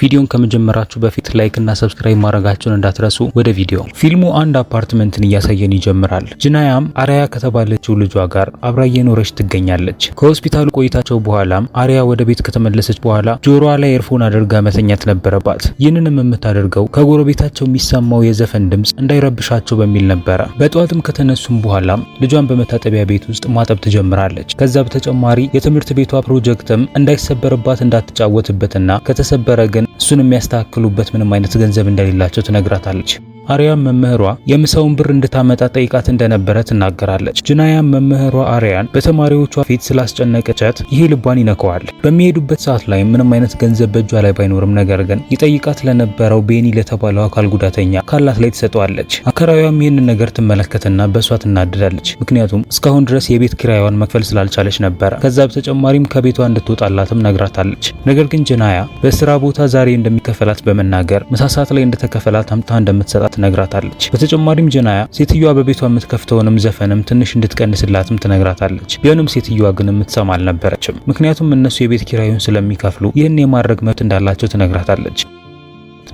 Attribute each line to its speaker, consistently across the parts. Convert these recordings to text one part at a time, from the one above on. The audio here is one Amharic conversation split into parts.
Speaker 1: ቪዲዮን ከመጀመራችሁ በፊት ላይክ እና ሰብስክራይብ ማድረጋችሁን እንዳትረሱ። ወደ ቪዲዮ ፊልሙ አንድ አፓርትመንትን እያሳየን ይጀምራል። ጅናያም አሪያ ከተባለችው ልጇ ጋር አብራ እየኖረች ትገኛለች። ከሆስፒታሉ ቆይታቸው በኋላም አሪያ ወደ ቤት ከተመለሰች በኋላ ጆሮዋ ላይ ኤርፎን አድርጋ መተኛት ነበረባት። ይህንንም የምታደርገው ከጎረቤታቸው የሚሰማው የዘፈን ድምፅ እንዳይረብሻቸው በሚል ነበረ። በጠዋትም ከተነሱም በኋላም ልጇን በመታጠቢያ ቤት ውስጥ ማጠብ ትጀምራለች። ከዛ በተጨማሪ የትምህርት ቤቷ ፕሮጀክትም እንዳይሰበርባት እንዳትጫወትበትና ከተሰበረ ግን እሱን የሚያስተካክሉበት ምንም አይነት ገንዘብ እንደሌላቸው ትነግራታለች። አሪያም መምህሯ የምሳውን ብር እንድታመጣ ጠይቃት እንደነበረ ትናገራለች። ጅናያም መምህሯ አሪያን በተማሪዎቿ ፊት ስላስጨነቀቻት ይሄ ልቧን ይነከዋል። በሚሄዱበት ሰዓት ላይ ምንም አይነት ገንዘብ በእጇ ላይ ባይኖርም ነገር ግን ይጠይቃት ለነበረው ቤኒ ለተባለው አካል ጉዳተኛ ካላት ላይ ትሰጠዋለች። አከራዩም ይህንን ነገር ትመለከትና በእሷ ትናደዳለች። ምክንያቱም እስካሁን ድረስ የቤት ኪራይዋን መክፈል ስላልቻለች ነበረ። ከዛ በተጨማሪም ከቤቷ እንድትወጣላትም ነግራታለች። ነገር ግን ጅናያ በስራ ቦታ ዛሬ እንደሚከፈላት በመናገር ምሳ ሰዓት ላይ እንደተከፈላት አምጥታ እንደምትሰጣት ትነግራታለች። በተጨማሪም ጀናያ ሴትዮዋ በቤቷ የምትከፍተውንም ዘፈንም ትንሽ እንድትቀንስላትም ትነግራታለች። ቢሆንም ሴትዮዋ ግን የምትሰማ አልነበረችም። ምክንያቱም እነሱ የቤት ኪራዩን ስለሚከፍሉ ይህን የማድረግ መብት እንዳላቸው ትነግራታለች።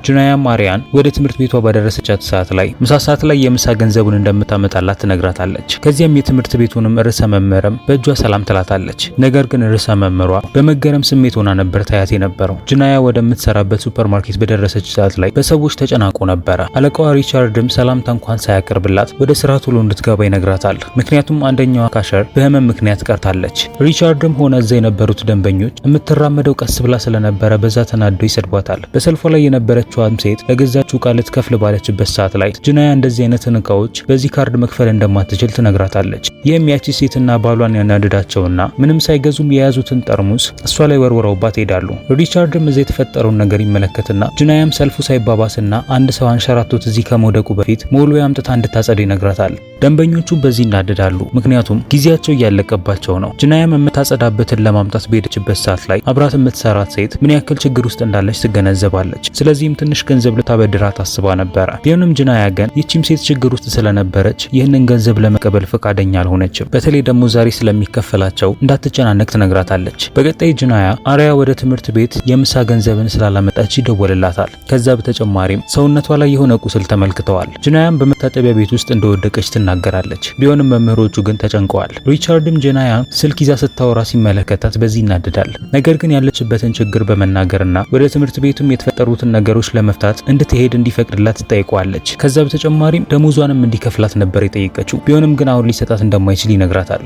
Speaker 1: ጅናያ ማሪያን ወደ ትምህርት ቤቷ በደረሰቻት ሰዓት ላይ ምሳ ሰዓት ላይ የምሳ ገንዘቡን እንደምታመጣላት ትነግራታለች። ከዚያም የትምህርት ቤቱንም ርዕሰ መምህርም በእጇ ሰላም ትላታለች። ነገር ግን ርዕሰ መምህሯ በመገረም ስሜት ሆና ነበር ታያት የነበረው። ጅናያ ወደምትሰራበት ሱፐርማርኬት በደረሰች ሰዓት ላይ በሰዎች ተጨናቆ ነበረ። አለቃዋ ሪቻርድም ሰላምታ እንኳን ሳያቀርብላት ወደ ስራ ቶሎ እንድትገባ ይነግራታል። ምክንያቱም አንደኛዋ ካሸር በህመም ምክንያት ቀርታለች። ሪቻርድም ሆነ እዛ የነበሩት ደንበኞች የምትራመደው ቀስ ብላ ስለነበረ በዛ ተናዶ ይሰድቧታል። በሰልፎ ላይ የነበረ የገዛችዋም ሴት ለገዛችው ዕቃ ልትከፍል ባለችበት ሰዓት ላይ ጅናያ እንደዚህ አይነትን ዕቃዎች በዚህ ካርድ መክፈል እንደማትችል ትነግራታለች። ይህም ያቺ ሴትና ባሏን ያናደዳቸውና ምንም ሳይገዙም የያዙትን ጠርሙስ እሷ ላይ ወርውረውባት ይሄዳሉ። ሪቻርድም እዚህ የተፈጠረውን ነገር ይመለከትና ጅናያም ሰልፉ ሳይባባስና አንድ ሰው አንሸራቶት እዚህ ከመውደቁ በፊት ሞሉ አምጥታ እንድታጸድ ይነግራታል። ደንበኞቹ በዚህ ይናደዳሉ፣ ምክንያቱም ጊዜያቸው እያለቀባቸው ነው። ጅናያም የምታጸዳበትን ለማምጣት በሄደችበት ሰዓት ላይ አብራት የምትሰራት ሴት ምን ያክል ችግር ውስጥ እንዳለች ትገነዘባለች። ስለዚህም ትንሽ ገንዘብ ልታበድራ ታስባ ነበረ። ቢሆንም ጅናያ ግን ይቺም ሴት ችግር ውስጥ ስለነበረች ይህንን ገንዘብ ለመቀበል ፈቃደኛ አልሆነችም። በተለይ ደግሞ ዛሬ ስለሚከፈላቸው እንዳትጨናነቅ ትነግራታለች። በቀጣይ ጅናያ አሪያ ወደ ትምህርት ቤት የምሳ ገንዘብን ስላላመጣች ይደወልላታል። ከዛ በተጨማሪም ሰውነቷ ላይ የሆነ ቁስል ተመልክተዋል። ጅናያም በመታጠቢያ ቤት ውስጥ እንደወደቀች ትና ትናገራለች። ቢሆንም መምህሮቹ ግን ተጨንቀዋል። ሪቻርድም ጄናያ ስልክ ይዛ ስታወራ ሲመለከታት በዚህ ይናደዳል። ነገር ግን ያለችበትን ችግር በመናገርና ወደ ትምህርት ቤቱም የተፈጠሩትን ነገሮች ለመፍታት እንድትሄድ እንዲፈቅድላት ትጠይቀዋለች። ከዛ በተጨማሪም ደሞዟንም እንዲከፍላት ነበር የጠየቀችው። ቢሆንም ግን አሁን ሊሰጣት እንደማይችል ይነግራታል።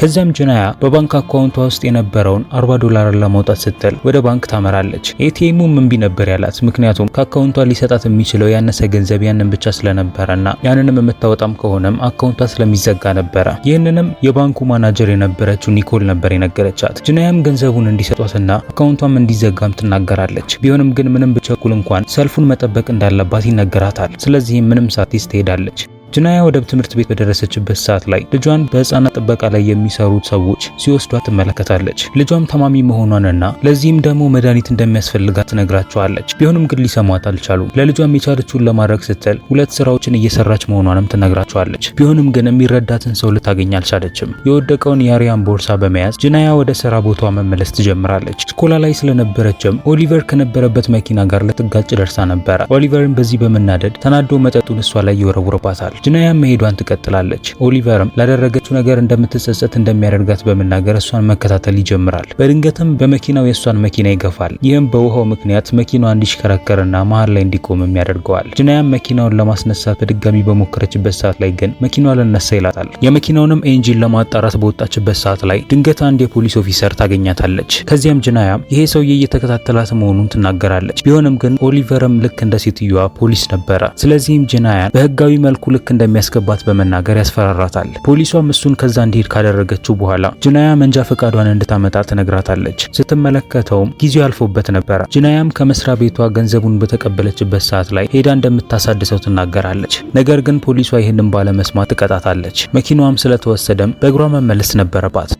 Speaker 1: ከዚያም ጅናያ በባንክ አካውንቷ ውስጥ የነበረውን 40 ዶላርን ለማውጣት ስትል ወደ ባንክ ታመራለች። ኤቲኤሙም እምቢ ነበር ያላት፣ ምክንያቱም ከአካውንቷ ሊሰጣት የሚችለው ያነሰ ገንዘብ ያንን ብቻ ስለነበረና ያንንም የምታወጣም ከሆነም አካውንቷ ስለሚዘጋ ነበረ። ይህንንም የባንኩ ማናጀር የነበረችው ኒኮል ነበር የነገረቻት። ጅናያም ገንዘቡን እንዲሰጧትና አካውንቷም እንዲዘጋም ትናገራለች። ቢሆንም ግን ምንም ብቸኩል እንኳን ሰልፉን መጠበቅ እንዳለባት ይነገራታል። ስለዚህም ምንም ሳትስ ትሄዳለች። ጅናያ ወደብ ትምህርት ቤት በደረሰችበት ሰዓት ላይ ልጇን በህፃናት ጥበቃ ላይ የሚሰሩት ሰዎች ሲወስዷት ትመለከታለች። ልጇም ታማሚ መሆኗንና ለዚህም ደግሞ መድኃኒት እንደሚያስፈልጋት ትነግራቸዋለች። ቢሆንም ግን ሊሰሟት አልቻሉም። ለልጇም የቻለችውን ለማድረግ ስትል ሁለት ስራዎችን እየሰራች መሆኗንም ትነግራቸዋለች። ቢሆንም ግን የሚረዳትን ሰው ልታገኝ አልቻለችም። የወደቀውን የአሪያን ቦርሳ በመያዝ ጅናያ ወደ ስራ ቦታዋ መመለስ ትጀምራለች። ስኮላ ላይ ስለነበረችም ኦሊቨር ከነበረበት መኪና ጋር ልትጋጭ ደርሳ ነበረ። ኦሊቨርን በዚህ በመናደድ ተናዶ መጠጡን እሷ ላይ ይወረውርባታል። ጅናያ መሄዷን ትቀጥላለች። ኦሊቨርም ላደረገችው ነገር እንደምትጸጸት እንደሚያደርጋት በመናገር እሷን መከታተል ይጀምራል። በድንገትም በመኪናው የእሷን መኪና ይገፋል። ይህም በውሃው ምክንያት መኪናዋ እንዲሽከረከርና መሀል ላይ እንዲቆምም ያደርገዋል። ጅናያም መኪናውን ለማስነሳት በድጋሚ በሞከረችበት ሰዓት ላይ ግን መኪናዋ ልነሳ ይላታል። የመኪናውንም ኤንጂን ለማጣራት በወጣችበት ሰዓት ላይ ድንገት አንድ የፖሊስ ኦፊሰር ታገኛታለች። ከዚያም ጅናያም ይሄ ሰውዬ እየተከታተላት መሆኑን ትናገራለች። ቢሆንም ግን ኦሊቨርም ልክ እንደ ሴትዮዋ ፖሊስ ነበረ። ስለዚህም ጅናያን በህጋዊ መልኩ ልክ እንደሚያስገባት በመናገር ያስፈራራታል። ፖሊሷም እሱን ከዛ እንዲሄድ ካደረገችው በኋላ ጅናያ መንጃ ፈቃዷን እንድታመጣ ትነግራታለች። ስትመለከተውም ጊዜው ያልፎበት ነበረ። ጅናያም ከመስሪያ ቤቷ ገንዘቡን በተቀበለችበት ሰዓት ላይ ሄዳ እንደምታሳድሰው ትናገራለች። ነገር ግን ፖሊሷ ይህንን ባለመስማት ትቀጣታለች። መኪናዋም ስለተወሰደም በእግሯ መመለስ ነበረባት።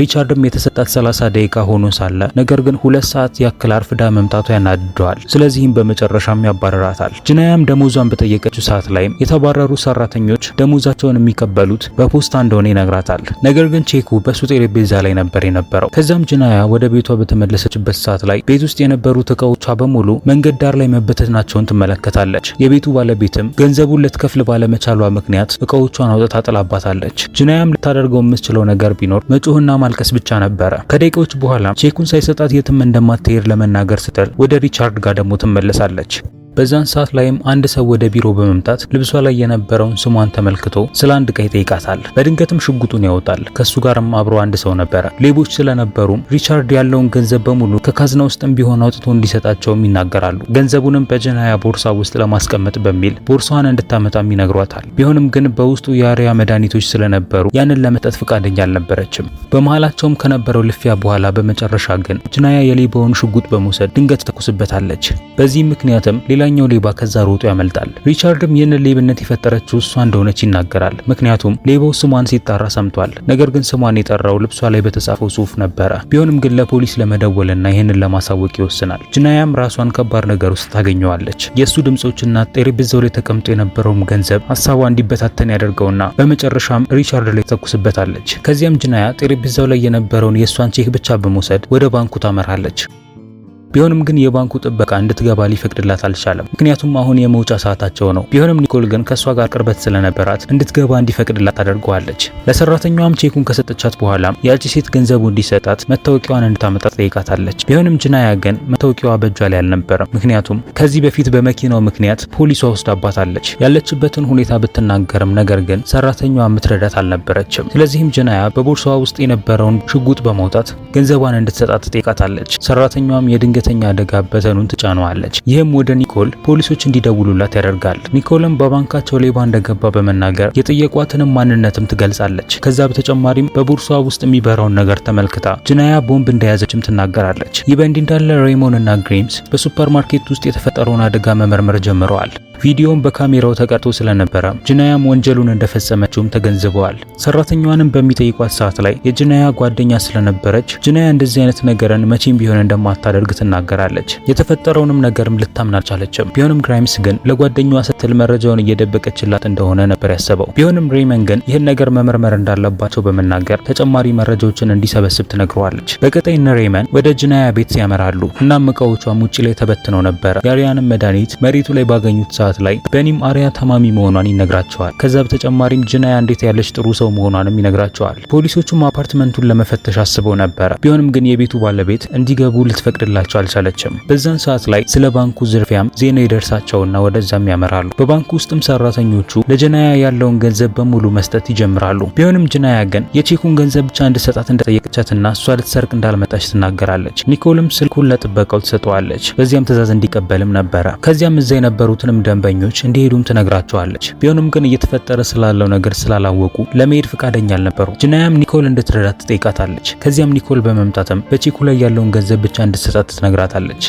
Speaker 1: ሪቻርድም የተሰጣት 30 ደቂቃ ሆኖ ሳለ ነገር ግን ሁለት ሰዓት ያክል አርፍዳ መምጣቷ ያናድደዋል። ስለዚህም በመጨረሻም ያባረራታል። ጅናያም ደሞዟን በጠየቀችው ሰዓት ላይም የተባረሩ ሰራተኞች ደሞዛቸውን የሚቀበሉት በፖስታ እንደሆነ ይነግራታል። ነገር ግን ቼኩ በሱ ጠረጴዛ ላይ ነበር የነበረው። ከዛም ጅናያ ወደ ቤቷ በተመለሰችበት ሰዓት ላይ ቤት ውስጥ የነበሩት እቃዎቿ በሙሉ መንገድ ዳር ላይ መበተናቸውን ትመለከታለች። የቤቱ ባለቤትም ገንዘቡን ልትከፍል ባለመቻሏ ምክንያት እቃዎቿን አውጥታ ጥላባታለች። ጅናያም ልታደርገው የምትችለው ነገር ቢኖር መጮህና ማልቀስ ብቻ ነበረ። ከደቂቃዎች በኋላ ቼኩን ሳይሰጣት የትም እንደማትሄድ ለመናገር ስትል ወደ ሪቻርድ ጋር ደግሞ ትመለሳለች። በዛን ሰዓት ላይም አንድ ሰው ወደ ቢሮ በመምጣት ልብሷ ላይ የነበረውን ስሟን ተመልክቶ ስለ አንድ ቀይ ጠይቃታል። በድንገትም ሽጉጡን ያወጣል። ከሱ ጋርም አብሮ አንድ ሰው ነበረ። ሌቦች ስለነበሩም ሪቻርድ ያለውን ገንዘብ በሙሉ ከካዝና ውስጥም ቢሆን አውጥቶ እንዲሰጣቸውም ይናገራሉ። ገንዘቡንም በጀናያ ቦርሳ ውስጥ ለማስቀመጥ በሚል ቦርሳዋን እንድታመጣም ይነግሯታል። ቢሆንም ግን በውስጡ የአሪያ መድኃኒቶች ስለነበሩ ያንን ለመስጠት ፈቃደኛ አልነበረችም። በመሃላቸውም ከነበረው ልፊያ በኋላ በመጨረሻ ግን ጅናያ የሌባውን ሽጉጥ በመውሰድ ድንገት ተኩስበታለች። በዚህ ምክንያትም ሌላ ሌላኛው ሌባ ከዛ ሮጦ ያመልጣል። ሪቻርድም ይህንን ሌብነት የፈጠረችው እሷ እንደሆነች ይናገራል። ምክንያቱም ሌባው ስሟን ሲጣራ ሰምቷል። ነገር ግን ስሟን የጠራው ልብሷ ላይ በተጻፈው ጽሑፍ ነበረ። ቢሆንም ግን ለፖሊስ ለመደወልና ይህንን ለማሳወቅ ይወስናል። ጅናያም ራሷን ከባድ ነገር ውስጥ ታገኘዋለች። የእሱ ድምጾችና ጠረጴዛው ላይ ተቀምጦ የነበረውም ገንዘብ ሀሳቧ እንዲበታተን ያደርገውና በመጨረሻም ሪቻርድ ላይ ተኩስበታለች። ከዚያም ጅናያ ጠረጴዛው ላይ የነበረውን የእሷን ቼክ ብቻ በመውሰድ ወደ ባንኩ ታመራለች። ቢሆንም ግን የባንኩ ጥበቃ እንድትገባ ሊፈቅድላት አልቻለም። ምክንያቱም አሁን የመውጫ ሰዓታቸው ነው። ቢሆንም ኒኮል ግን ከእሷ ጋር ቅርበት ስለነበራት እንድትገባ እንዲፈቅድላት አድርገዋለች። ለሰራተኛዋም ቼኩን ከሰጠቻት በኋላ ያቺ ሴት ገንዘቡ እንዲሰጣት መታወቂያዋን እንድታመጣ ጠይቃታለች። ቢሆንም ጅናያ ግን መታወቂያዋ በእጇ ላይ አልነበረም። ምክንያቱም ከዚህ በፊት በመኪናው ምክንያት ፖሊሷ ወስዳባታለች። ያለችበትን ሁኔታ ብትናገርም ነገር ግን ሰራተኛዋ የምትረዳት አልነበረችም። ስለዚህም ጅናያ በቦርሳዋ ውስጥ የነበረውን ሽጉጥ በማውጣት ገንዘቧን እንድትሰጣት ጠይቃታለች። ሰራተኛዋም የድንገት ድንገተኛ አደጋ በተኑን ትጫነዋለች። ይህም ወደ ኒኮል ፖሊሶች እንዲደውሉላት ያደርጋል። ኒኮልም በባንካቸው ሌባ እንደገባ በመናገር የጠየቋትንም ማንነትም ትገልጻለች። ከዛ በተጨማሪም በቡርሷ ውስጥ የሚበራውን ነገር ተመልክታ ጅናያ ቦምብ እንደያዘችም ትናገራለች። ይህ በእንዲህ እንዳለ ሬይሞን እና ግሪምስ በሱፐርማርኬት ውስጥ የተፈጠረውን አደጋ መመርመር ጀምረዋል። ቪዲዮውን በካሜራው ተቀርጦ ስለነበረ ጅናያም ወንጀሉን እንደፈጸመችውም ተገንዝበዋል። ሰራተኛዋንም በሚጠይቋት ሰዓት ላይ የጅናያ ጓደኛ ስለነበረች ጅናያ እንደዚህ አይነት ነገርን መቼም ቢሆን እንደማታደርግ ትናገራለች። የተፈጠረውንም ነገርም ልታምን አልቻለችም። ቢሆንም ግራይምስ ግን ለጓደኛዋ ስትል መረጃውን እየደበቀችላት እንደሆነ ነበር ያሰበው። ቢሆንም ሬመን ግን ይህን ነገር መመርመር እንዳለባቸው በመናገር ተጨማሪ መረጃዎችን እንዲሰበስብ ትነግረዋለች። በቀጣይና ሬመን ወደ ጅናያ ቤት ያመራሉ። እናም እቃዎቿም ውጭ ላይ ተበትነው ነበር። የአሪያንም መድኃኒት መሬቱ ላይ ባገኙት ሰዓት ሰዓት ላይ በኒም አሪያ ተማሚ መሆኗን ይነግራቸዋል። ከዛ በተጨማሪም ጅናያ እንዴት ያለች ጥሩ ሰው መሆኗንም ይነግራቸዋል። ፖሊሶቹም አፓርትመንቱን ለመፈተሽ አስበው ነበረ። ቢሆንም ግን የቤቱ ባለቤት እንዲገቡ ልትፈቅድላቸው አልቻለችም። በዛን ሰዓት ላይ ስለ ባንኩ ዝርፊያም ዜና ይደርሳቸውና ወደዛም ያመራሉ። በባንኩ ውስጥም ሰራተኞቹ ለጅናያ ያለውን ገንዘብ በሙሉ መስጠት ይጀምራሉ። ቢሆንም ጅናያ ግን የቼኩን ገንዘብ ብቻ እንድሰጣት እንደጠየቀቻትና እሷ ልትሰርቅ እንዳልመጣች ትናገራለች። ኒኮልም ስልኩን ለጥበቃው ትሰጠዋለች። በዚያም ትእዛዝ እንዲቀበልም ነበረ። ከዚያም እዛ የነበሩትንም ደንብ ደንበኞች እንዲሄዱም ትነግራቸዋለች። ቢሆንም ግን እየተፈጠረ ስላለው ነገር ስላላወቁ ለመሄድ ፈቃደኛ አልነበሩ። ጅናያም ኒኮል እንድትረዳት ትጠይቃታለች። ከዚያም ኒኮል በመምጣትም በቺኩ ላይ ያለውን ገንዘብ ብቻ እንድትሰጣት ትነግራታለች።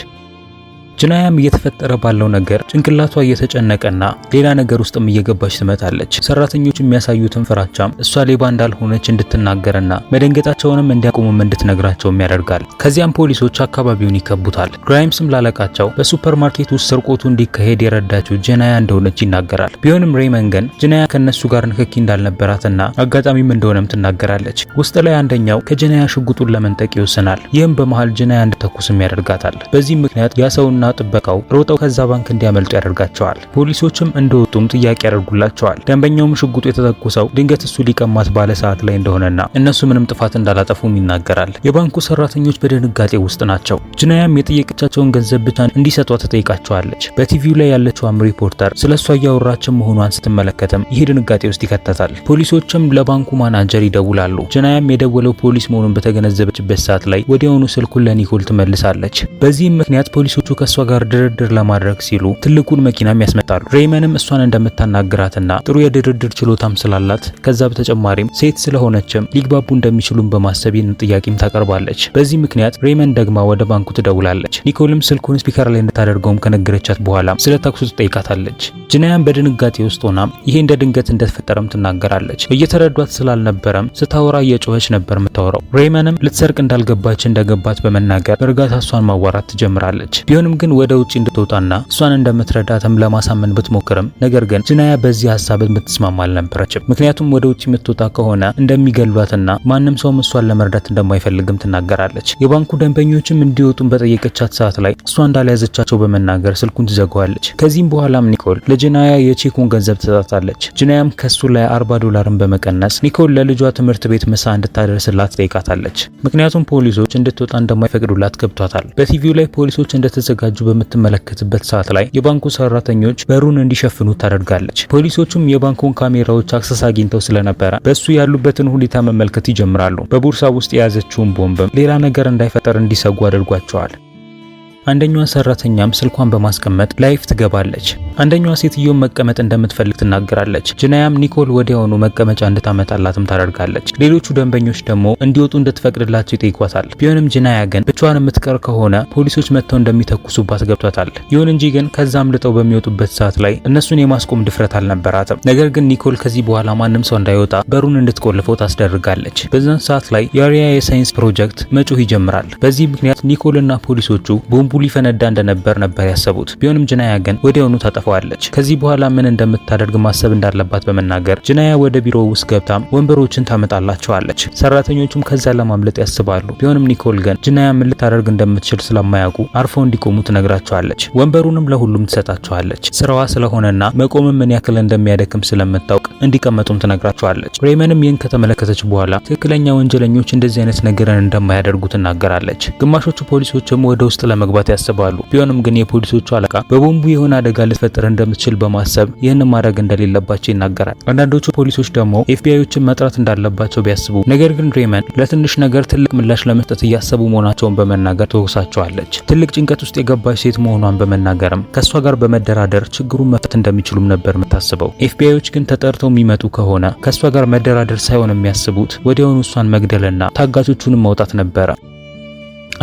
Speaker 1: ጅናያም እየተፈጠረ ባለው ነገር ጭንቅላቷ እየተጨነቀና ሌላ ነገር ውስጥም እየገባች ትመጣለች። ሰራተኞች የሚያሳዩትን ፍራቻም እሷ ሌባ እንዳልሆነች እንድትናገርና መደንገጣቸውንም እንዲያቆሙም እንድትነግራቸውም ያደርጋል። ከዚያም ፖሊሶች አካባቢውን ይከቡታል። ግራይምስም ላለቃቸው በሱፐርማርኬት ውስጥ ስርቆቱ እንዲካሄድ የረዳችው ጅናያ እንደሆነች ይናገራል። ቢሆንም ሬመን ግን ጅናያ ከእነሱ ጋር ንክኪ እንዳልነበራትና አጋጣሚም እንደሆነም ትናገራለች። ውስጥ ላይ አንደኛው ከጅናያ ሽጉጡን ለመንጠቅ ይወስናል። ይህም በመሃል ጅናያ እንድተኩስም ያደርጋታል። በዚህም ምክንያት ያሰውና ጥበቃው ሮጠው ከዛ ባንክ እንዲያመልጡ ያደርጋቸዋል። ፖሊሶችም እንደወጡም ጥያቄ ያደርጉላቸዋል። ደንበኛውም ሽጉጡ የተተኮሰው ድንገት እሱ ሊቀማት ባለ ሰዓት ላይ እንደሆነና እነሱ ምንም ጥፋት እንዳላጠፉም ይናገራል። የባንኩ ሰራተኞች በድንጋጤ ውስጥ ናቸው። ጅናያም የጠየቀቻቸውን ገንዘብ ብቻ እንዲሰጧ ተጠይቃቸዋለች። በቲቪው ላይ ያለችዋም ሪፖርተር ስለ እሷ እያወራችን መሆኗን ስትመለከትም ይህ ድንጋጤ ውስጥ ይከተታል። ፖሊሶችም ለባንኩ ማናጀር ይደውላሉ። ጅናያም የደወለው ፖሊስ መሆኑን በተገነዘበችበት ሰዓት ላይ ወዲያውኑ ስልኩን ለኒኮል ትመልሳለች። በዚህም ምክንያት ፖሊሶቹ ከ ከእሷ ጋር ድርድር ለማድረግ ሲሉ ትልቁን መኪናም ያስመጣሉ። ሬይመንም እሷን እንደምታናግራትና ጥሩ የድርድር ችሎታም ስላላት ከዛ በተጨማሪም ሴት ስለሆነችም ሊግባቡ እንደሚችሉም በማሰብ ይህን ጥያቄም ታቀርባለች። በዚህ ምክንያት ሬይመን ደግማ ወደ ባንኩ ትደውላለች። ኒኮልም ስልኩን ስፒከር ላይ እንድታደርገውም ከነገረቻት በኋላ ስለ ተኩሱ ትጠይቃታለች። ጅናያን በድንጋጤ ውስጥ ሆና ይሄ እንደ ድንገት እንደተፈጠረም ትናገራለች። እየተረዷት ስላልነበረም ስታወራ እየጮኸች ነበር የምታወራው። ሬይመንም ልትሰርቅ እንዳልገባች እንደገባት በመናገር በእርጋታ እሷን ማዋራት ትጀምራለች። ቢሆንም ግን ወደ ውጭ እንድትወጣና እሷን እንደምትረዳትም ለማሳመን ብትሞክርም ነገር ግን ጅናያ በዚህ ሀሳብ የምትስማማ አልነበረችም። ምክንያቱም ወደ ውጭ የምትወጣ ከሆነ እንደሚገሏትና ማንም ሰውም እሷን ለመርዳት እንደማይፈልግም ትናገራለች። የባንኩ ደንበኞችም እንዲወጡን በጠየቀቻት ሰዓት ላይ እሷ እንዳልያዘቻቸው በመናገር ስልኩን ትዘጋዋለች። ከዚህም በኋላም ኒኮል ለጅናያ የቼኩን ገንዘብ ትሰጣታለች። ጅናያም ከሱ ላይ 40 ዶላርን በመቀነስ ኒኮል ለልጇ ትምህርት ቤት ምሳ እንድታደርስላት ጠይቃታለች። ምክንያቱም ፖሊሶች እንድትወጣ እንደማይፈቅዱላት ገብቷታል። በቲቪው ላይ ፖሊሶች እንደተዘጋጁ ሲደራጁ በምትመለከትበት ሰዓት ላይ የባንኩ ሰራተኞች በሩን እንዲሸፍኑ ታደርጋለች። ፖሊሶቹም የባንኩን ካሜራዎች አክሰስ አግኝተው ስለነበረ በሱ ያሉበትን ሁኔታ መመልከት ይጀምራሉ። በቦርሳ ውስጥ የያዘችውን ቦምብም ሌላ ነገር እንዳይፈጠር እንዲሰጉ አድርጓቸዋል። አንደኛዋ ሰራተኛም ስልኳን በማስቀመጥ ላይፍ ትገባለች። አንደኛዋ ሴትዮም መቀመጥ እንደምትፈልግ ትናገራለች። ጅናያም ኒኮል ወዲያውኑ መቀመጫ እንድታመጣላትም ታደርጋለች። ሌሎቹ ደንበኞች ደግሞ እንዲወጡ እንድትፈቅድላቸው ይጠይቋታል። ቢሆንም ጅናያ ግን ብቻዋን የምትቀር ከሆነ ፖሊሶች መጥተው እንደሚተኩሱባት ገብቷታል። ይሁን እንጂ ግን ከዛም ልጠው በሚወጡበት ሰዓት ላይ እነሱን የማስቆም ድፍረት አልነበራትም። ነገር ግን ኒኮል ከዚህ በኋላ ማንም ሰው እንዳይወጣ በሩን እንድትቆልፈው ታስደርጋለች። በዛን ሰዓት ላይ የአሪያ የሳይንስ ፕሮጀክት መጮህ ይጀምራል። በዚህ ምክንያት ኒኮልና ፖሊሶቹ ቦምቡ ቦምቡ ሊፈነዳ እንደነበር ነበር ያሰቡት። ቢሆንም ጅናያ ግን ወዲያውኑ ታጠፋዋለች። ከዚህ በኋላ ምን እንደምታደርግ ማሰብ እንዳለባት በመናገር ጅናያ ወደ ቢሮ ውስጥ ገብታም ወንበሮችን ታመጣላቸዋለች። ሰራተኞቹም ከዛ ለማምለጥ ያስባሉ። ቢሆንም ኒኮል ግን ጅናያ ምን ልታደርግ እንደምትችል ስለማያውቁ አርፎ እንዲቆሙ ትነግራቸዋለች። ወንበሩንም ለሁሉም ትሰጣቸዋለች። ስራዋ ስለሆነና መቆምም ምን ያክል እንደሚያደክም ስለምታውቅ እንዲቀመጡም ትነግራቸዋለች። ሬመንም ይህን ከተመለከተች በኋላ ትክክለኛ ወንጀለኞች እንደዚህ አይነት ነገርን እንደማያደርጉ ትናገራለች። ግማሾቹ ፖሊሶችም ወደ ውስጥ ለመግባት ለመግባት ያስባሉ። ቢሆንም ግን የፖሊሶቹ አለቃ በቦምቡ የሆነ አደጋ ልትፈጥር እንደምትችል በማሰብ ይህንን ማድረግ እንደሌለባቸው ይናገራል። አንዳንዶቹ ፖሊሶች ደግሞ ኤፍቢአዮችን መጥራት እንዳለባቸው ቢያስቡ፣ ነገር ግን ሬመን ለትንሽ ነገር ትልቅ ምላሽ ለመስጠት እያሰቡ መሆናቸውን በመናገር ትወቅሳቸዋለች። ትልቅ ጭንቀት ውስጥ የገባች ሴት መሆኗን በመናገርም ከእሷ ጋር በመደራደር ችግሩን መፍታት እንደሚችሉም ነበር የምታስበው። ኤፍቢአዮች ግን ተጠርተው የሚመጡ ከሆነ ከእሷ ጋር መደራደር ሳይሆን የሚያስቡት ወዲያውኑ እሷን መግደልና ታጋቾቹንም መውጣት ነበረ።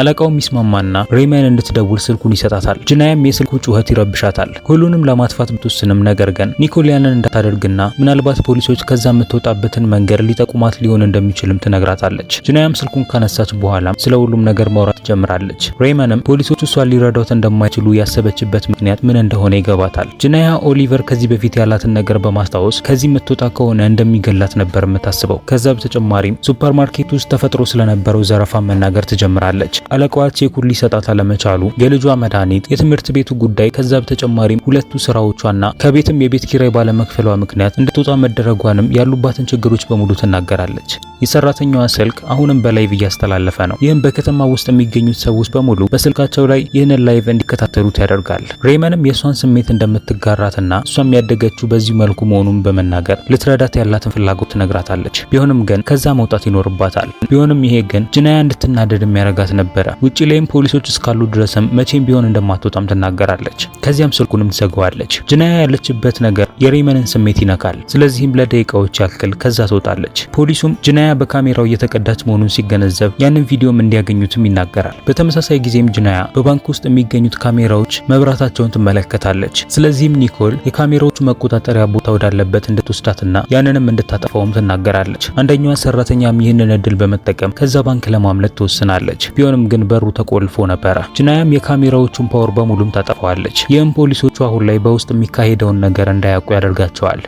Speaker 1: አለቃውም ይስማማና ሬማን እንድትደውል ስልኩን ይሰጣታል። ጅናያም የስልኩ ጩኸት ይረብሻታል። ሁሉንም ለማጥፋት ብትወስንም ነገር ግን ኒኮሊያንን እንዳታደርግና ምናልባት ፖሊሶች ከዛ የምትወጣበትን መንገድ ሊጠቁማት ሊሆን እንደሚችልም ትነግራታለች። ጅናያም ስልኩን ካነሳች በኋላ ስለ ሁሉም ነገር ማውራት ጀምራለች። ሬመንም ፖሊሶች እሷን ሊረዳት እንደማይችሉ ያሰበችበት ምክንያት ምን እንደሆነ ይገባታል። ጅናያ ኦሊቨር ከዚህ በፊት ያላትን ነገር በማስታወስ ከዚህ የምትወጣ ከሆነ እንደሚገላት ነበር የምታስበው። ከዛ በተጨማሪም ሱፐርማርኬት ውስጥ ተፈጥሮ ስለነበረው ዘረፋ መናገር ትጀምራለች። አለቃዋ ቼኩን ሊሰጣት አለመቻሉ፣ የልጇ መድኃኒት፣ የትምህርት ቤቱ ጉዳይ፣ ከዛ በተጨማሪም ሁለቱ ስራዎቿና ከቤትም የቤት ኪራይ ባለመክፈሏ ምክንያት እንድትወጣ መደረጓንም ያሉባትን ችግሮች በሙሉ ትናገራለች። የሰራተኛዋ ስልክ አሁንም በላይቭ እያስተላለፈ ነው። ይህም በከተማ ውስጥ የሚገኙት ሰዎች በሙሉ በስልካቸው ላይ ይህንን ላይቭ እንዲከታተሉት ያደርጋል። ሬመንም የእሷን ስሜት እንደምትጋራትና እሷም ያደገችው በዚህ መልኩ መሆኑን በመናገር ልትረዳት ያላትን ፍላጎት ትነግራታለች። ቢሆንም ግን ከዛ መውጣት ይኖርባታል። ቢሆንም ይሄ ግን ጅናያ እንድትናደድ የሚያደርጋት ነበር ነበረ። ውጪ ላይም ፖሊሶች እስካሉ ድረስም መቼም ቢሆን እንደማትወጣም ትናገራለች። ከዚያም ስልኩንም ትዘጋዋለች። ጅናያ ያለችበት ነገር የሬመንን ስሜት ይነካል። ስለዚህም ለደቂቃዎች ያክል ከዛ ትወጣለች። ፖሊሱም ጅናያ በካሜራው እየተቀዳች መሆኑን ሲገነዘብ ያንን ቪዲዮም እንዲያገኙትም ይናገራል። በተመሳሳይ ጊዜም ጅናያ በባንክ ውስጥ የሚገኙት ካሜራዎች መብራታቸውን ትመለከታለች። ስለዚህም ኒኮል የካሜራዎቹ መቆጣጠሪያ ቦታ ወዳለበት እንድትወስዳትና ያንንም እንድታጠፋውም ትናገራለች። አንደኛዋ ሰራተኛም ይህንን እድል በመጠቀም ከዛ ባንክ ለማምለጥ ትወስናለች። ቢሆንም ቢሆንም ግን በሩ ተቆልፎ ነበረ። ጅናያም የካሜራዎቹን ፓወር በሙሉም ታጠፋዋለች። ይህም ፖሊሶቹ አሁን ላይ በውስጥ የሚካሄደውን ነገር እንዳያውቁ ያደርጋቸዋል።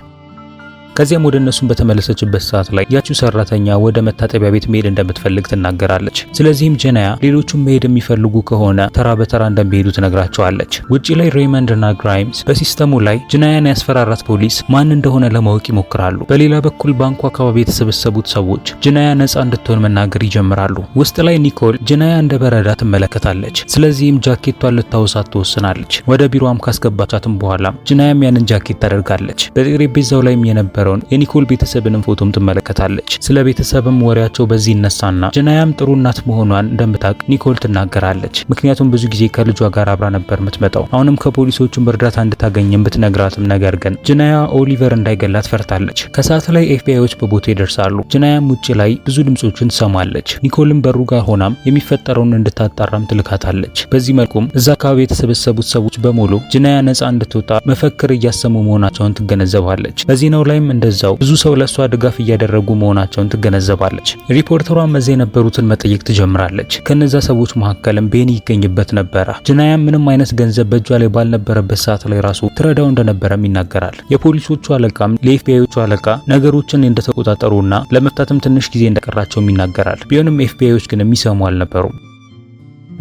Speaker 1: ከዚያም ወደ እነሱን በተመለሰችበት ሰዓት ላይ ያቺው ሰራተኛ ወደ መታጠቢያ ቤት መሄድ እንደምትፈልግ ትናገራለች። ስለዚህም ጀናያ ሌሎቹም መሄድ የሚፈልጉ ከሆነ ተራ በተራ እንደሚሄዱ ትነግራቸዋለች። ውጪ ላይ ሬይመንድ እና ግራይምስ በሲስተሙ ላይ ጀናያን ያስፈራራት ፖሊስ ማን እንደሆነ ለማወቅ ይሞክራሉ። በሌላ በኩል ባንኩ አካባቢ የተሰበሰቡት ሰዎች ጀናያ ነፃ እንድትሆን መናገር ይጀምራሉ። ውስጥ ላይ ኒኮል ጀናያ እንደ በረዳ ትመለከታለች። ስለዚህም ጃኬቷን ልታወሳት ትወስናለች። ወደ ቢሮዋም ካስገባቻትም በኋላ ጀናያም ያንን ጃኬት ታደርጋለች። በጠረጴዛው ላይም የነበረ የነበረውን የኒኮል ቤተሰብንም ፎቶም ትመለከታለች። ስለ ቤተሰብም ወሬያቸው በዚህ ይነሳና ጀናያም ጥሩ እናት መሆኗን እንደምታውቅ ኒኮል ትናገራለች። ምክንያቱም ብዙ ጊዜ ከልጇ ጋር አብራ ነበር የምትመጣው። አሁንም ከፖሊሶቹም እርዳታ እንድታገኝም ብትነግራትም ነገር ግን ጀናያ ኦሊቨር እንዳይገላት ፈርታለች። ከሰዓት ላይ ኤፍቢአይዎች በቦታ ይደርሳሉ። ጀናያም ውጭ ላይ ብዙ ድምጾችን ትሰማለች። ኒኮልም በሩ ጋር ሆናም የሚፈጠረውን እንድታጣራም ትልካታለች። በዚህ መልኩም እዛ አካባቢ የተሰበሰቡት ሰዎች በሙሉ ጀናያ ነፃ እንድትወጣ መፈክር እያሰሙ መሆናቸውን ትገነዘባለች። ነው ላይም እንደዛው ብዙ ሰው ለእሷ ድጋፍ እያደረጉ መሆናቸውን ትገነዘባለች። ሪፖርተሯም እዚያ የነበሩትን መጠየቅ ትጀምራለች። ከነዛ ሰዎች መካከልም ቤኒ ይገኝበት ነበረ። ጅናያ ምንም አይነት ገንዘብ በእጇ ላይ ባልነበረበት ሰዓት ላይ ራሱ ትረዳው እንደነበረም ይናገራል። የፖሊሶቹ አለቃም ለኤፍቢአዮቹ አለቃ ነገሮችን እንደተቆጣጠሩና ለመፍታትም ትንሽ ጊዜ እንደቀራቸውም ይናገራል። ቢሆንም ኤፍቢአዮች ግን የሚሰሙ አልነበሩም።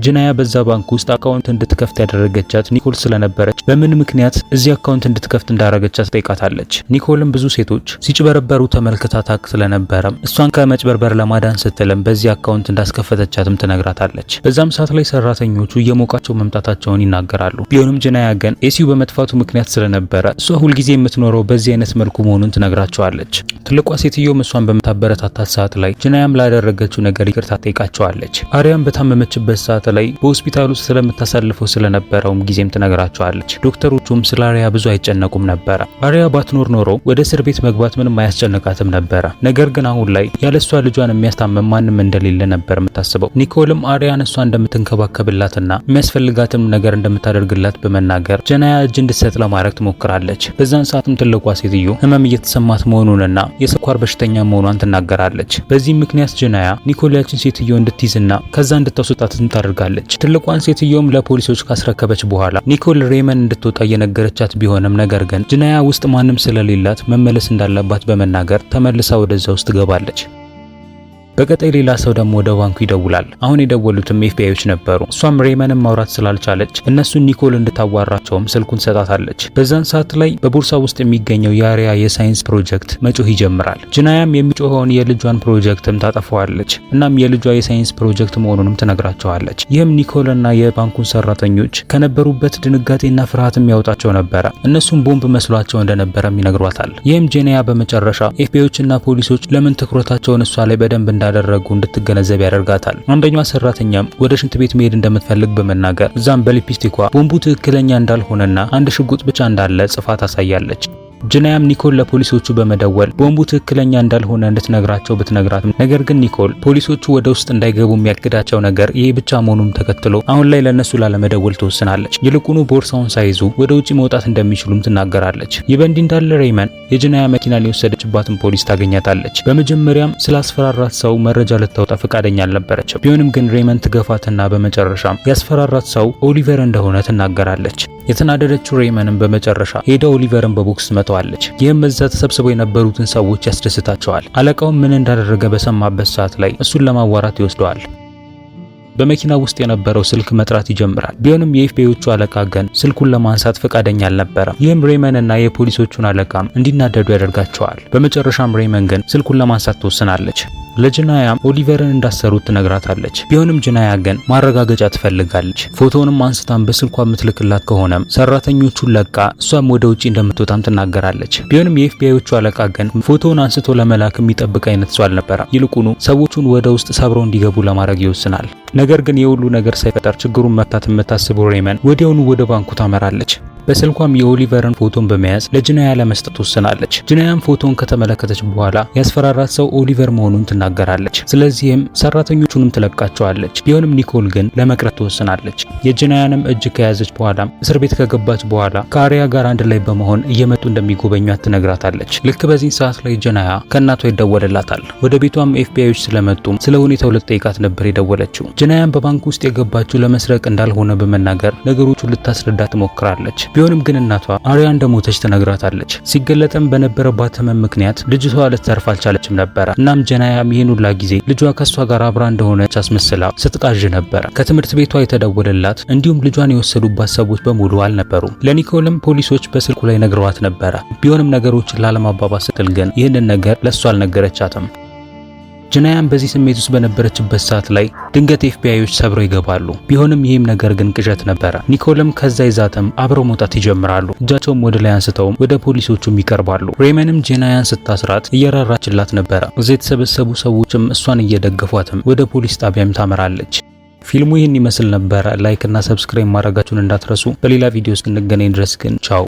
Speaker 1: ጅናያ በዛ ባንክ ውስጥ አካውንት እንድትከፍት ያደረገቻት ኒኮል ስለነበረች በምን ምክንያት እዚህ አካውንት እንድትከፍት እንዳደረገቻት ጠይቃታለች። ኒኮልም ብዙ ሴቶች ሲጭበረበሩ ተመልክታ ታክ ስለነበረም እሷን ከመጭበርበር ለማዳን ስትልም በዚህ አካውንት እንዳስከፈተቻትም ትነግራታለች። በዛም ሰዓት ላይ ሰራተኞቹ እየሞቃቸው መምጣታቸውን ይናገራሉ። ቢሆንም ጅናያ ግን ኤሲዩ በመጥፋቱ ምክንያት ስለነበረ እሷ ሁልጊዜ የምትኖረው በዚህ አይነት መልኩ መሆኑን ትነግራቸዋለች። ትልቋ ሴትዮ እሷን በምታበረታታት ሰዓት ላይ ጅናያም ላደረገችው ነገር ይቅርታ ጠይቃቸዋለች። አሪያም በታመመችበት ሰዓት ላይ በሆስፒታል ውስጥ ስለምታሳልፈው ስለነበረውም ጊዜም ትነግራቸዋለች። ዶክተሮቹም ስለ አሪያ ብዙ አይጨነቁም ነበረ። አሪያ ባትኖር ኖሮ ወደ እስር ቤት መግባት ምንም አያስጨንቃትም ነበረ። ነገር ግን አሁን ላይ ያለሷ ልጇን የሚያስታመም ማንም እንደሌለ ነበር የምታስበው። ኒኮልም አሪያን እሷ እንደምትንከባከብላትና የሚያስፈልጋትም ነገር እንደምታደርግላት በመናገር ጀናያ እጅ እንድትሰጥ ለማድረግ ትሞክራለች። በዛን ሰዓትም ትልቋ ሴትዮ ህመም እየተሰማት መሆኑንና የስኳር በሽተኛ መሆኗን ትናገራለች። በዚህ ምክንያት ጀናያ ኒኮል ያችን ሴትዮ እንድትይዝና ከዛ እንድታስወጣትም ታደርጋለች። አድርጋለች። ትልቋን ሴትዮም ለፖሊሶች ካስረከበች በኋላ ኒኮል ሬመን እንድትወጣ እየነገረቻት ቢሆንም ነገር ግን ጅናያ ውስጥ ማንም ስለሌላት መመለስ እንዳለባት በመናገር ተመልሳ ወደዛ ውስጥ ትገባለች። በቀጣይ ሌላ ሰው ደግሞ ወደ ባንኩ ይደውላል። አሁን የደወሉትም ኤፍቢአዮች ነበሩ። እሷም ሬመንን ማውራት ስላልቻለች እነሱን ኒኮል እንድታዋራቸውም ስልኩን ሰጣታለች። በዛን ሰዓት ላይ በቦርሳ ውስጥ የሚገኘው የአሪያ የሳይንስ ፕሮጀክት መጮህ ይጀምራል። ጅናያም የሚጮኸውን የልጇን ፕሮጀክትም ታጠፈዋለች። እናም የልጇ የሳይንስ ፕሮጀክት መሆኑንም ትነግራቸዋለች። ይህም ኒኮልና የባንኩን ሰራተኞች ከነበሩበት ድንጋጤና ፍርሃትም ያወጣቸው ነበረ። እነሱም ቦምብ መስሏቸው እንደነበረም ይነግሯታል። ይህም ጄኒያ በመጨረሻ ኤፍቢአዮችና ፖሊሶች ለምን ትኩረታቸውን እሷ ላይ በደንብ እንዳ እንዳደረጉ እንድትገነዘብ ያደርጋታል። አንደኛዋ ሰራተኛም ወደ ሽንት ቤት መሄድ እንደምትፈልግ በመናገር እዛም በሊፕስቲኳ ቦምቡ ትክክለኛ እንዳልሆነና አንድ ሽጉጥ ብቻ እንዳለ ጽፋ ታሳያለች። ጅናያም ኒኮል ለፖሊሶቹ በመደወል ቦምቡ ትክክለኛ እንዳልሆነ እንድትነግራቸው ብትነግራትም ነገር ግን ኒኮል ፖሊሶቹ ወደ ውስጥ እንዳይገቡ የሚያግዳቸው ነገር ይህ ብቻ መሆኑም ተከትሎ አሁን ላይ ለእነሱ ላለመደወል ትወስናለች። ይልቁኑ ቦርሳውን ሳይዙ ወደ ውጭ መውጣት እንደሚችሉም ትናገራለች። ይህ በእንዲህ እንዳለ ሬይመን የጅናያ መኪና የወሰደችባትን ፖሊስ ታገኛታለች። በመጀመሪያም ስላስፈራራት ሰው መረጃ ልታወጣ ፈቃደኛ አልነበረችም። ቢሆንም ግን ሬይመን ትገፋትና በመጨረሻም ያስፈራራት ሰው ኦሊቨር እንደሆነ ትናገራለች። የተናደደችው ሬይመንም በመጨረሻ ሄደ ኦሊቨርን በቦክስ ታስተዋለች። ይህም እዛ ተሰብስበው የነበሩትን ሰዎች ያስደስታቸዋል። አለቃውም ምን እንዳደረገ በሰማበት ሰዓት ላይ እሱን ለማዋራት ይወስደዋል። በመኪና ውስጥ የነበረው ስልክ መጥራት ይጀምራል። ቢሆንም የኤፍቢአዮቹ አለቃ ገን ስልኩን ለማንሳት ፈቃደኛ አልነበረም። ይህም ሬመን እና የፖሊሶቹን አለቃም እንዲናደዱ ያደርጋቸዋል። በመጨረሻም ሬመን ግን ስልኩን ለማንሳት ትወስናለች። ለጅናያም ኦሊቨርን እንዳሰሩት ትነግራታለች። ቢሆንም ጅናያ ግን ማረጋገጫ ትፈልጋለች። ፎቶውንም አንስታም በስልኳ የምትልክላት ከሆነም ሰራተኞቹን ለቃ እሷም ወደ ውጪ እንደምትወጣም ትናገራለች። ቢሆንም የኤፍቢአይዎቹ አለቃ ግን ፎቶውን አንስቶ ለመላክ የሚጠብቅ አይነት ሰው አልነበረም። ይልቁኑ ሰዎቹን ወደ ውስጥ ሰብረው እንዲገቡ ለማድረግ ይወስናል። ነገር ግን የሁሉ ነገር ሳይፈጠር ችግሩን መፍታት የምታስበው ሬመን ወዲያውኑ ወደ ባንኩ ታመራለች። በስልኳም የኦሊቨርን ፎቶን በመያዝ ለጅናያ ለመስጠት ወስናለች። ጅናያም ፎቶን ከተመለከተች በኋላ ያስፈራራት ሰው ኦሊቨር መሆኑን ትናገራለች። ስለዚህም ሰራተኞቹንም ትለቃቸዋለች። ቢሆንም ኒኮል ግን ለመቅረት ትወስናለች። የጅናያንም እጅ ከያዘች በኋላም እስር ቤት ከገባች በኋላ ከአሪያ ጋር አንድ ላይ በመሆን እየመጡ እንደሚጎበኟት ትነግራታለች። ልክ በዚህ ሰዓት ላይ ጅናያ ከእናቷ ይደወልላታል። ወደ ቤቷም ኤፍቢአዮች ስለመጡም ስለ ሁኔታው ልትጠይቃት ነበር የደወለችው። ጅናያን በባንክ ውስጥ የገባችው ለመስረቅ እንዳልሆነ በመናገር ነገሮቹን ልታስረዳ ትሞክራለች። ቢሆንም ግን እናቷ አሪያ እንደሞተች ትነግራታለች። ሲገለጠም በነበረባት ህመም ምክንያት ልጅቷ ልትተርፍ አልቻለችም ነበረ። እናም ጀናያም ይህን ሁላ ጊዜ ልጇ ከእሷ ጋር አብራ እንደሆነች አስመስላ ስትቃዥ ነበረ። ከትምህርት ቤቷ የተደወለላት እንዲሁም ልጇን የወሰዱባት ሰዎች በሙሉ አልነበሩም። ለኒኮልም ፖሊሶች በስልኩ ላይ ነግረዋት ነበረ። ቢሆንም ነገሮችን ላለማባባስ ስትል ግን ይህንን ነገር ለእሷ አልነገረቻትም። ጅናያን በዚህ ስሜት ውስጥ በነበረችበት ሰዓት ላይ ድንገት ኤፍቢአዮች ሰብረው ይገባሉ። ቢሆንም ይህም ነገር ግን ቅዠት ነበረ። ኒኮልም ከዛ ይዛትም አብረው መውጣት ይጀምራሉ። እጃቸውም ወደ ላይ አንስተውም ወደ ፖሊሶቹም ይቀርባሉ። ሬመንም ጅናያን ስታስራት እየራራችላት ነበረ። እዛ የተሰበሰቡ ሰዎችም እሷን እየደገፏትም ወደ ፖሊስ ጣቢያም ታመራለች። ፊልሙ ይህን ይመስል ነበረ። ላይክ እና ሰብስክራይብ ማድረጋችሁን እንዳትረሱ። በሌላ ቪዲዮ እስክንገናኝ ድረስ ግን ቻው።